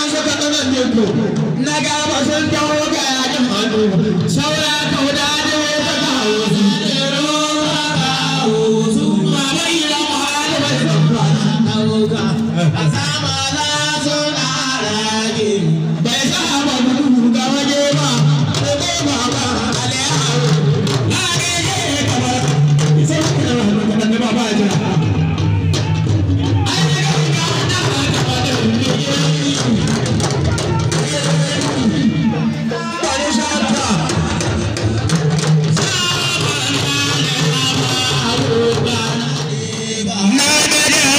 an saka tsanan teku na gaba sun taho ga yakin hannu saura kauda ne ta kawo yeah,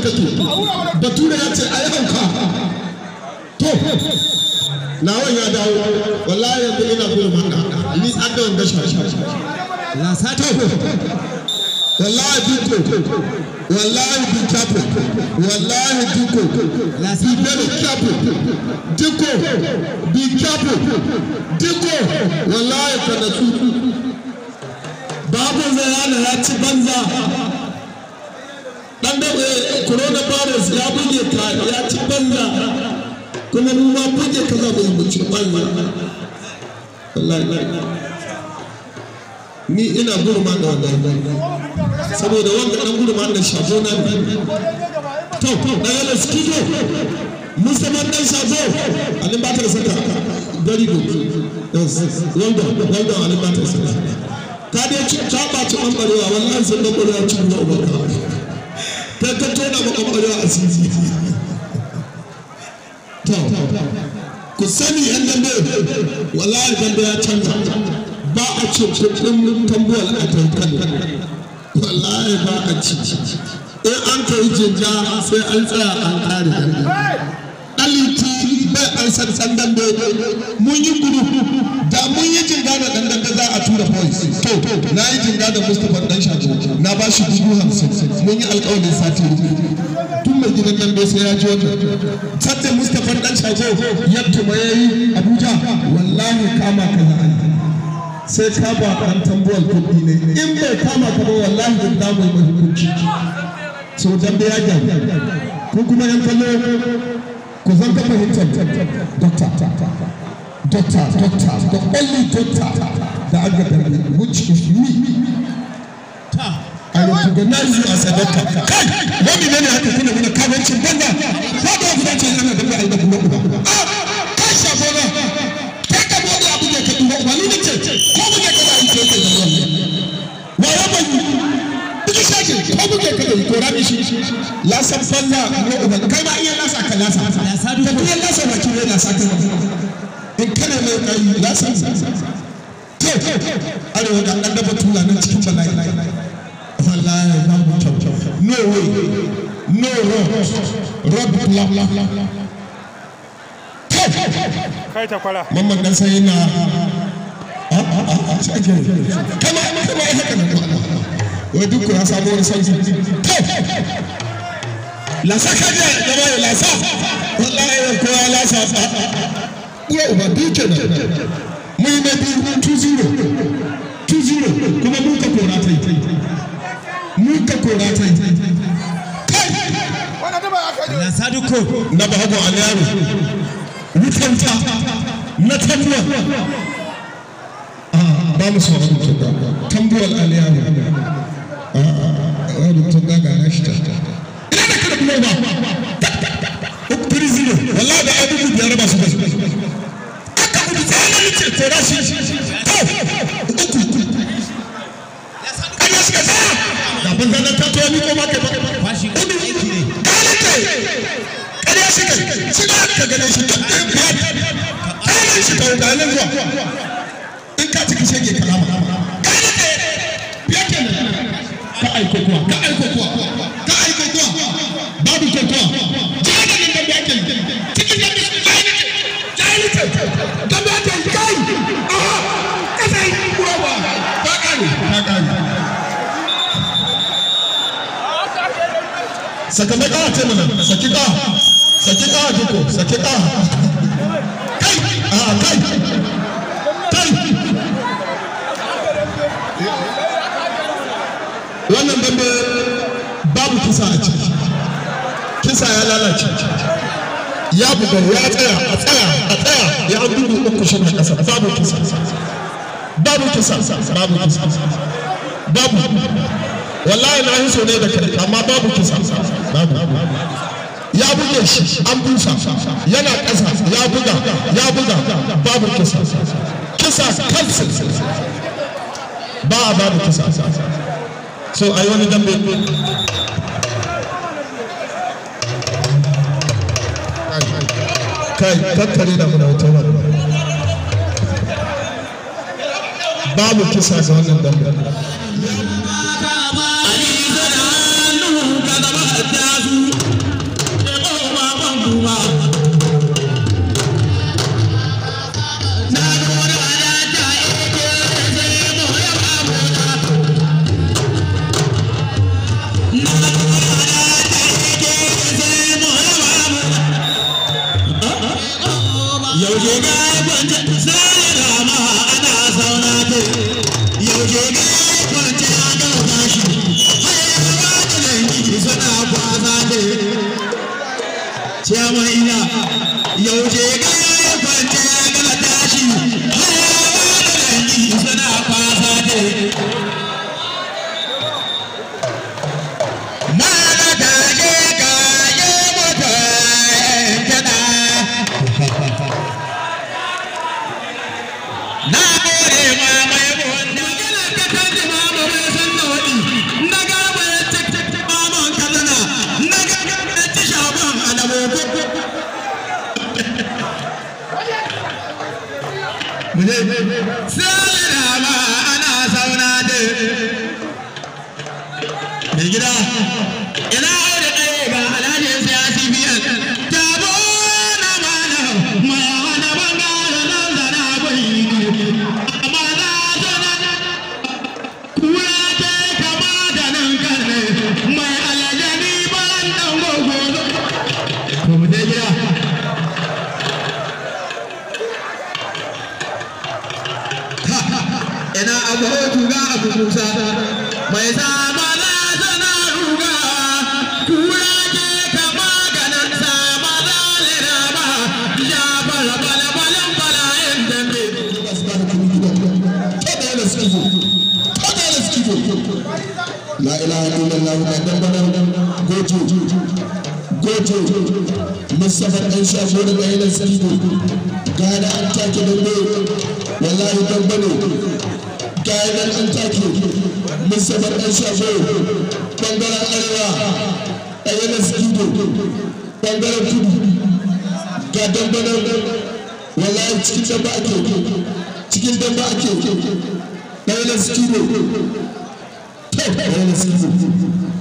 hankatu bature ya ce a yi hauka to nawan ya dawo wallahi yanzu ina gudun ni adda wanda shashi lasata wallahi diko wallahi dikapo wallahi diko be very careful diko be careful diko wallahi babu zayana ya ci banza dan coronavirus ya buge ka ya ci banza kuma mu ma buge ka za mu yi mu ci banza ni ina gurma da wannan saboda wanda dan gurma da na to da skido dan alin batar saka very good yes alin batar saka ka dai ci ta ba ci wallahi sun na ta ta tona a sisi to ku sani yan dambe wallahi dambe ya canza ba a ce kudin tambuwal a tantan wallahi ba a ci in an kai jinja sai an tsaya an kare dambe aliti bai an san dambe mun yi gudu da mun yi jinga da dandanda za a tura boys to na yi jinga da mustapha dan shago na ba shi dubu hamsin mun yi alƙawarin sati tun mai gidan nan bai sai ya ji wata tattalin mustapha dan shaje yadda ma yayi abuja wallahi kama ka na aiki. sai ka ba ɗan tambuwar kuɗi ne in bai kama ka ba wallahi da na mai mahimmanci so dan da ya ko kuma yan kallo ku zan ka fahimtar dokta dokta dokta the only doctor da I get which is me I will recognize you as a doctor. Kai, wani ne ne haka kuna wani kawancin banza, ko da ku dace yana da bai da kuma uba. kai shafo na. Kai ka bude abu da ka duba uba ni ne ce, ko mu ke kada ita ke da wannan. Wa ya ban yi. Duk shake, ko mu ke kada to rabi shi. La san falla ko uba, kai ma iya lasa ka lasa. Ka lasa ba ki ne lasa ka. In kana mai kai lasa. To, arewa da an dafa tura nan cikin bala'i. Salah, no way, no road, road block. Kai ta kwala. Mamman dan sai na kama kama ya haka wai duk ya samu wani sauki lasa kaje gaba da lasa wallahi yau kowa lasa uwa uba biyu kenan mun yi na biyu 2-0 2-0 kuma mun ka kora ta yi muka kora ta na saduko na bahago aliyaru wutanta ah, na tambuwa ba mu sauran tunga tambuwar aliyaru wani ah, tunga ga nashi ta ina da kada kuma ba ukuri zilo wala da abubuwa biyar ba su ba aka kudu tsaye na mace tora shi ba kai ba fashi ka da ce mana saki ka saki ka kai a kai kai wannan dambe babu kisa a ciki kisa ya lalace ya buga ya tsaya a tsaya a tsaya ya an dubu uku shi na kasa babu kisa babu kisa babu kisa babu wallahi na hiso ne da kai amma babu kisa babu ya buge shi an busa yana ƙasa ya buga ya buga babu kisa kisa kansa ba babu kisa so a yi wani dambe kai tattare da muna wata wani babu kisa ga wannan dambe sirama ana zauna da mai gida safar ɗan sha ko daga yanar sarki gada an take dambe wallahi dambe ne an take mun safar ɗan sha ko ɓangaren arewa a yanar sarki ɓangaren kudu ga dambe nan wallahi cikin dambe ake cikin dambe ake ɗan yanar sarki ne ɗan yanar sarki